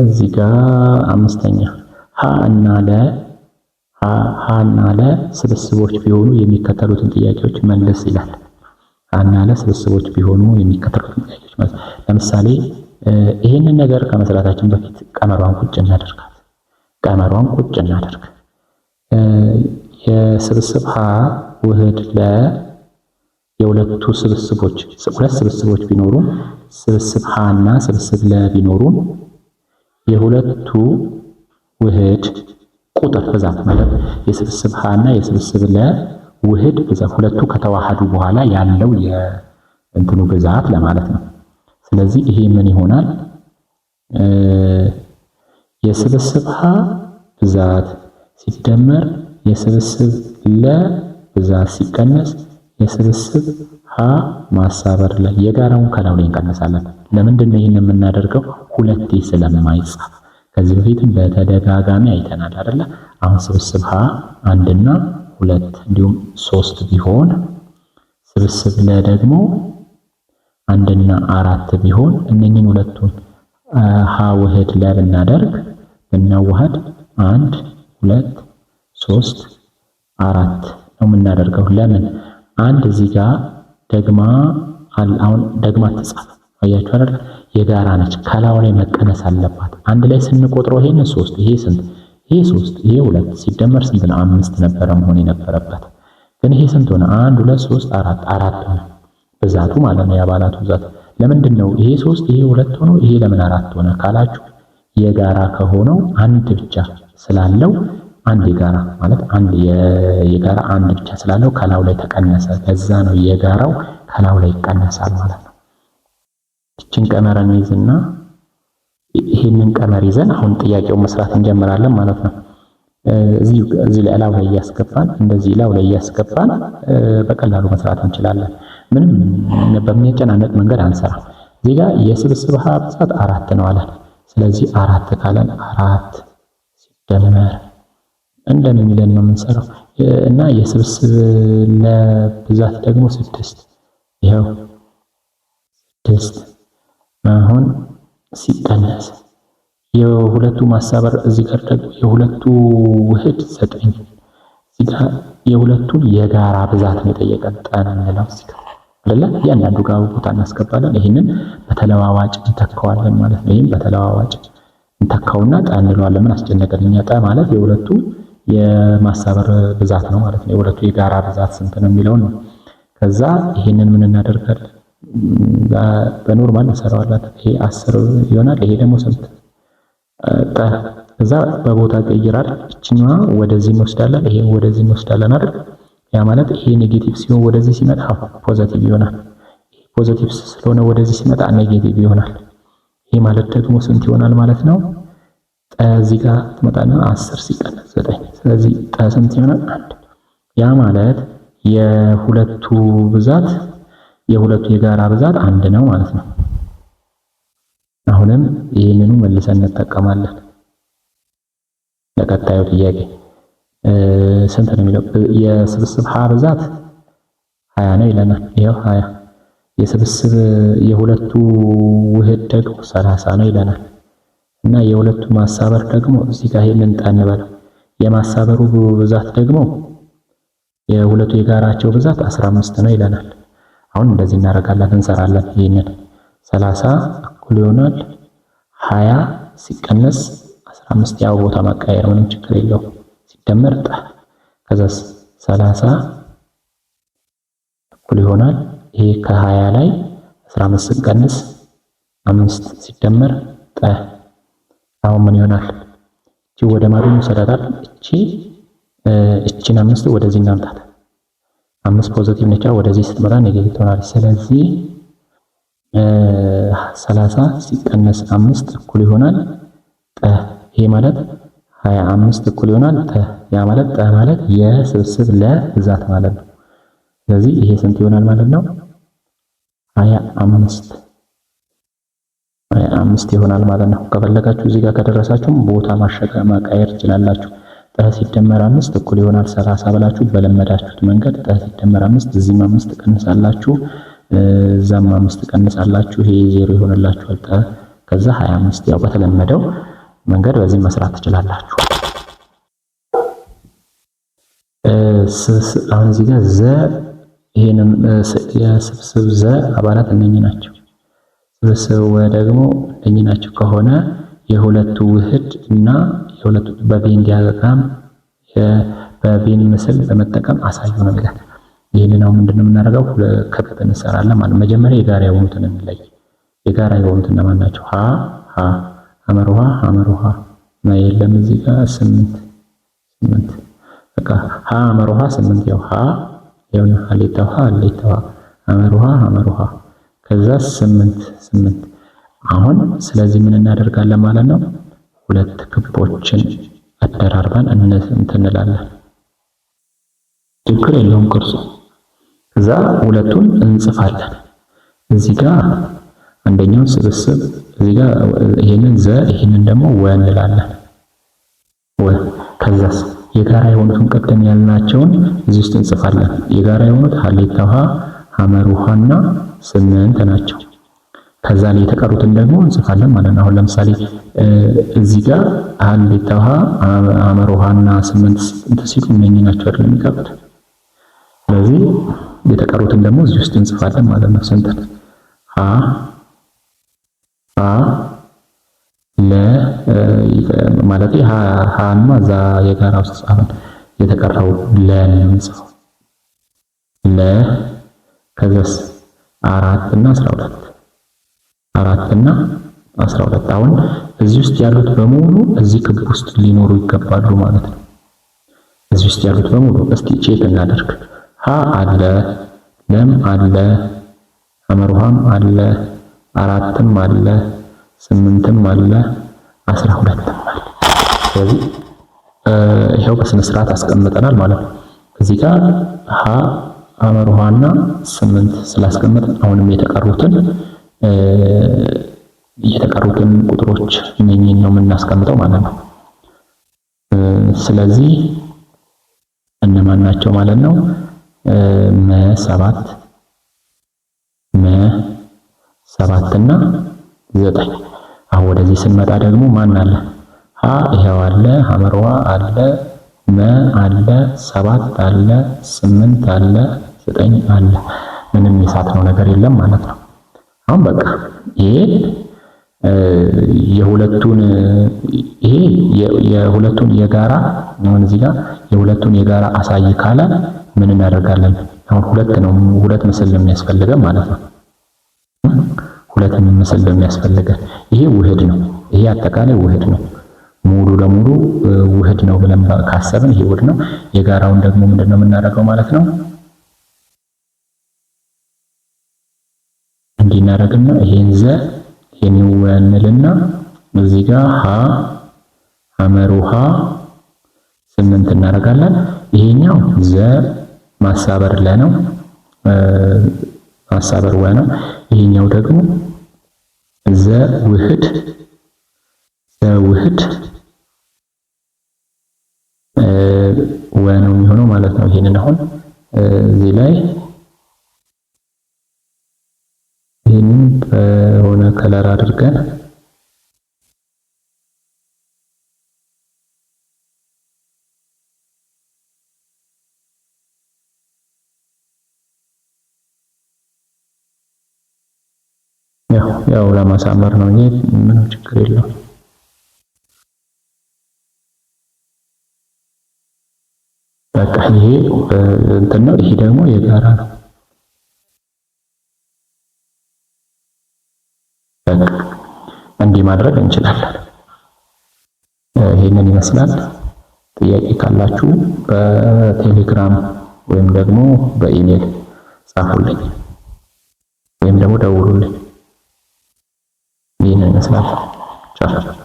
እዚህ ጋር አምስተኛ ሀ እና ለ ሀ እና ለ ስብስቦች ቢሆኑ የሚከተሉትን ጥያቄዎች መልስ ይላል። ሀ እና ለ ስብስቦች ቢሆኑ የሚከተሉትን ጥያቄዎች መልስ። ለምሳሌ ይህንን ነገር ከመስራታችን በፊት ቀመሯን ቁጭ እናደርጋት። ቀመሯን ቁጭ እናደርግ። የስብስብ ሀ ውህድ ለ የሁለቱ ስብስቦች ሁለት ስብስቦች ቢኖሩን ስብስብ ሀ እና ስብስብ ለ ቢኖሩን የሁለቱ ውህድ ቁጥር ብዛት ማለት የስብስብ ሀና የስብስብ ለ ውህድ ብዛት ሁለቱ ከተዋሃዱ በኋላ ያለው የእንትኑ ብዛት ለማለት ነው። ስለዚህ ይሄ ምን ይሆናል? የስብስብ ሀ ብዛት ሲደመር የስብስብ ለ ብዛት ሲቀነስ የስብስብ ሀ ማሳበር ላይ የጋራውን ከላው ላይ እንቀንሳለን። ለምንድን ነው ይህን የምናደርገው? ሁለቴ ስለማይጻፍ ከዚህ በፊትም በተደጋጋሚ አይተናል አይደለ? አሁን ስብስብ ሀ አንድና ሁለት እንዲሁም ሶስት ቢሆን ስብስብ ለ ደግሞ አንድና አራት ቢሆን እነኚህን ሁለቱን ሀ ውህድ ላይ ብናደርግ ብናዋሃድ አንድ ሁለት ሶስት አራት ነው የምናደርገው ለምን አንድ እዚህ ጋር ደግማ አሁን ደግማ ተጻፈ። አያችሁ አይደል? የጋራ ነች። ከላው ላይ መቀነስ አለባት። አንድ ላይ ስንቆጥረው ይሄን ሶስት ይሄ ስንት ይሄ ሶስት ይሄ ሁለት ሲደመር ስንት ነው? አምስት ነበረ መሆን የነበረበት ግን ይሄ ስንት ሆነ? አንድ ሁለት ሶስት አራት አራት ሆነ። ብዛቱ ማለት ነው የአባላቱ ብዛት። ለምንድን ነው ይሄ ሶስት ይሄ ሁለት ሆኖ ይሄ ለምን አራት ሆነ ካላችሁ የጋራ ከሆነው አንድ ብቻ ስላለው አንድ የጋራ ማለት አንድ የጋራ አንድ ብቻ ስላለው ከላው ላይ ተቀነሰ። በዛ ነው የጋራው ከላው ላይ ይቀነሳል ማለት ነው። እችን ቀመር እንይዝና ይሄንን ቀመር ይዘን አሁን ጥያቄው መስራት እንጀምራለን ማለት ነው። እዚህ እዚህ ላይ እላው ላይ እያስገባን እንደዚህ ላው ላይ እያስገባን በቀላሉ መስራት እንችላለን። ምንም በሚያጨናነቅ መንገድ አንሰራ። እዚህ ጋር የስብስብ ሀ ብዛት አራት ነው አለን። ስለዚህ አራት ካለን አራት ሲደመር እንደሚለን ነው የምንሰራው እና የስብስብ ለብዛት ደግሞ ስድስት ይኸው ስድስት አሁን ሲቀነስ የሁለቱ ማሳበር እዚህ ጋር ደግሞ የሁለቱ ውህድ ዘጠኝ እዚህ ጋር የሁለቱን የጋራ ብዛት ነው የጠየቀን። ጠና እንለው እዚህ ጋር አይደለ እያንዳንዱ ጋር ቦታ እናስገባለን። ይህንን በተለዋዋጭ እንተካዋለን ማለት ነው። ይህም በተለዋዋጭ እንተካውና ጠ እንለዋለን። ምን አስጨነቀን እኛ ጠ ማለት የሁለቱ የማሳበር ብዛት ነው ማለት ነው። የሁለቱ የጋራ ብዛት ስንት ነው የሚለውን ነው። ከዛ ይሄንን ምን እናደርጋለን? በኖርማል እንሰራዋለን። ይሄ አስር ይሆናል። ይሄ ደግሞ ስንት ጠ ከዛ በቦታ ቀይራል። እችኛዋ ወደዚህ እንወስዳለን፣ ይሄ ወደዚህ እንወስዳለን አይደል? ያ ማለት ይሄ ኔጌቲቭ ሲሆን ወደዚህ ሲመጣ ፖዘቲቭ ይሆናል። ይሄ ፖዘቲቭ ስለሆነ ወደዚህ ሲመጣ ኔጌቲቭ ይሆናል። ይሄ ማለት ደግሞ ስንት ይሆናል ማለት ነው? እዚህ ጋር ትመጣና አስር ሲቀነስ ዘጠኝ ስለዚህ ጠ ስንት ይሆናል? አንድ። ያ ማለት የሁለቱ ብዛት የሁለቱ የጋራ ብዛት አንድ ነው ማለት ነው። አሁንም ይህንኑ መልሰን እንጠቀማለን ለቀጣዩ ጥያቄ። ስንት ነው የሚለው የስብስብ ሀ ብዛት ሀያ ነው ይለናል። ይኸው ሀያ የስብስብ የሁለቱ ውህድ ደግሞ ሰላሳ ነው ይለናል። እና የሁለቱ ማሳበር ደግሞ እዚህ ጋር ይሄንን ጠን የማሳበሩ ብዛት ደግሞ የሁለቱ የጋራቸው ብዛት 15 ነው ይለናል። አሁን እንደዚህ እናደርጋለን እንሰራለን። ይሄንን 30 እኩል ይሆናል 20 ሲቀነስ 15 ያው ቦታ ማቀያየር ምንም ችግር የለው ሲደመር ጣ ከዛስ 30 እኩል ይሆናል ይሄ ከ20 ላይ 15 ሲቀነስ 5 ሲደመር ጠ አሁን ምን ይሆናል? እቺ ወደ ማዶ እንሰዳታል። እቺ እቺን አምስት ወደዚህ እናምጣት። አምስት ፖዚቲቭ ነች፣ ወደዚህ ስትመጣ ኔጌቲቭ ትሆናለች። ስለዚህ ሰላሳ ሲቀነስ አምስት እኩል ይሆናል ጠ። ይሄ ማለት ሀያ አምስት እኩል ይሆናል ጠ። ያ ማለት ጠ ማለት የስብስብ ለብዛት ማለት ነው። ስለዚህ ይሄ ስንት ይሆናል ማለት ነው? ሀያ አምስት አምስት ይሆናል ማለት ነው። ከፈለጋችሁ እዚህ ጋር ከደረሳችሁም ቦታ ማሸጋ መቀየር ትችላላችሁ። ጠ ሲደመር አምስት እኩል ይሆናል ሰላሳ ብላችሁ በለመዳችሁት መንገድ ጠ ሲደመር አምስት እዚህም አምስት ቀንሳላችሁ፣ እዛም አምስት ቀንሳላችሁ፣ ይሄ ዜሮ ይሆንላችኋል። ጠ ከዛ 25 ያው በተለመደው መንገድ በዚህ መስራት ትችላላችሁ። አሁን እዚህ ጋር ዘ ይሄንም የስብስብ ዘ አባላት እነኚህ ናቸው። ስብስብ ወ ደግሞ አንደኛ ከሆነ የሁለቱ ውህድ እና የሁለቱ በቬን ዲያግራም በቬን ምስል በመጠቀም አሳዩ ነው ይላል። ይህንን ነው ምንድነው የምናደርገው? ክብ እንሰራለን ማለት መጀመሪያ የጋራ የሆኑትን እንለይ። የጋራ የሆኑት እነማን ናቸው? ሀ ሀ ሐመር ውሃ ሐመር ውሃ የለም እዚህ ጋር ስምንት ስምንት በቃ ሀ ሐመር ውሃ ስምንት ያው ሀ ያው ሀሌታ ውሃ ሀሌታ ውሃ ሐመር ውሃ ሐመር ውሃ ከዛ ስምንት ስምንት። አሁን ስለዚህ ምን እናደርጋለን ማለት ነው? ሁለት ክቦችን አደራርበን እንትንላለን። ችግር የለውም ቅርጹ። ከዛ ሁለቱን እንጽፋለን። እዚህ ጋር አንደኛው ስብስብ እዚህ ጋር ይሄንን ዘ ይሄንን ደግሞ ወ እንላለን። ወ ከዛስ የጋራ የሆኑትን ቀደም ያልናቸውን እዚህ ውስጥ እንጽፋለን። የጋራ የሆኑት ሀሌታ ውሃ አመር ውሃና ስምንት ናቸው። ከዛ ላይ የተቀሩትን ደግሞ እንጽፋለን ማለት ነው። አሁን ለምሳሌ እዚህ ጋር አንድ ውሃ፣ አመር ውሃና ስምንት ሲሉ እነኚህ ናቸው አይደል የሚቀሩት። ስለዚህ የተቀሩትን ደግሞ እዚህ ውስጥ እንጽፋለን ማለት ነው። ስንትን ሀ ሀ ለ ማለት ሀማ እዛ የጋራ ውስጥ ጻፈን። የተቀረው ለን ለ ከዛስ አራት እና አስራ ሁለት አራት እና አስራ ሁለት አሁን እዚህ ውስጥ ያሉት በሙሉ እዚህ ክብ ውስጥ ሊኖሩ ይገባሉ ማለት ነው። እዚህ ውስጥ ያሉት በሙሉ እስቲ ቼክ እናደርግ። ሀ አለ፣ ለም አለ፣ አመርሃም አለ፣ አራትም አለ፣ ስምንትም አለ፣ አስራ ሁለትም አለ። ስለዚህ ይሄው በስነ ስርዓት አስቀምጠናል ማለት ነው። እዚህ ጋር ሀ አመርሃና ስምንት ስላስቀመጥ አሁንም የተቀሩትን የተቀሩትን ቁጥሮች እነኚህን ነው የምናስቀምጠው ማለት ነው። ስለዚህ እነማን ናቸው ማለት ነው? መ ሰባት መ ሰባት እና ዘጠኝ። አሁን ወደዚህ ስንመጣ ደግሞ ማን አለ? ሀ ይሄው አለ ሀመርዋ አለ መ አለ ሰባት አለ ስምንት አለ ዘጠኝ አለ። ምንም ነው ነገር የለም ማለት ነው። አሁን በቃ ይሄ የሁለቱን ይሄ የሁለቱን የጋራ አሁን እዚህ ጋር የሁለቱን የጋራ አሳይ ካለ ምን እናደርጋለን? አሁን ሁለት ነው ሁለት ምስል የሚያስፈልገን ማለት ነው። ሁለት ምስል የሚያስፈልገን ይሄ ውህድ ነው። ይሄ አጠቃላይ ውህድ ነው። ሙሉ ለሙሉ ውህድ ነው ብለን ካሰብን ይሄ ውህድ ነው። የጋራውን ደግሞ ምንድን ነው የምናደርገው ማለት ነው እንዲናደርግና ይሄን ዘ ይሄን ወንልና እዚህ ጋር ሀ ሐመር ስምንት እናደርጋለን። ይሄኛው ዘ ማሳበር ለ ነው ማሳበር ወ ነው። ይሄኛው ደግሞ ዘ ውህድ ዘ ውህድ ወ ነው የሚሆነው ማለት ነው። ይሄንን አሁን እዚህ ላይ ይሄንን በሆነ ከለር አድርገን ያው ለማሳመር ነው እንጂ ምንም ችግር የለውም። ይሄ እንትን ነው፣ ይሄ ደግሞ የጋራ ነው። እንዲህ ማድረግ እንችላለን። ይህንን ይመስላል። ጥያቄ ካላችሁ በቴሌግራም ወይም ደግሞ በኢሜል ጻፉልኝ ወይም ደግሞ ደውሉልኝ። ይሄንን ይመስላል። ቻው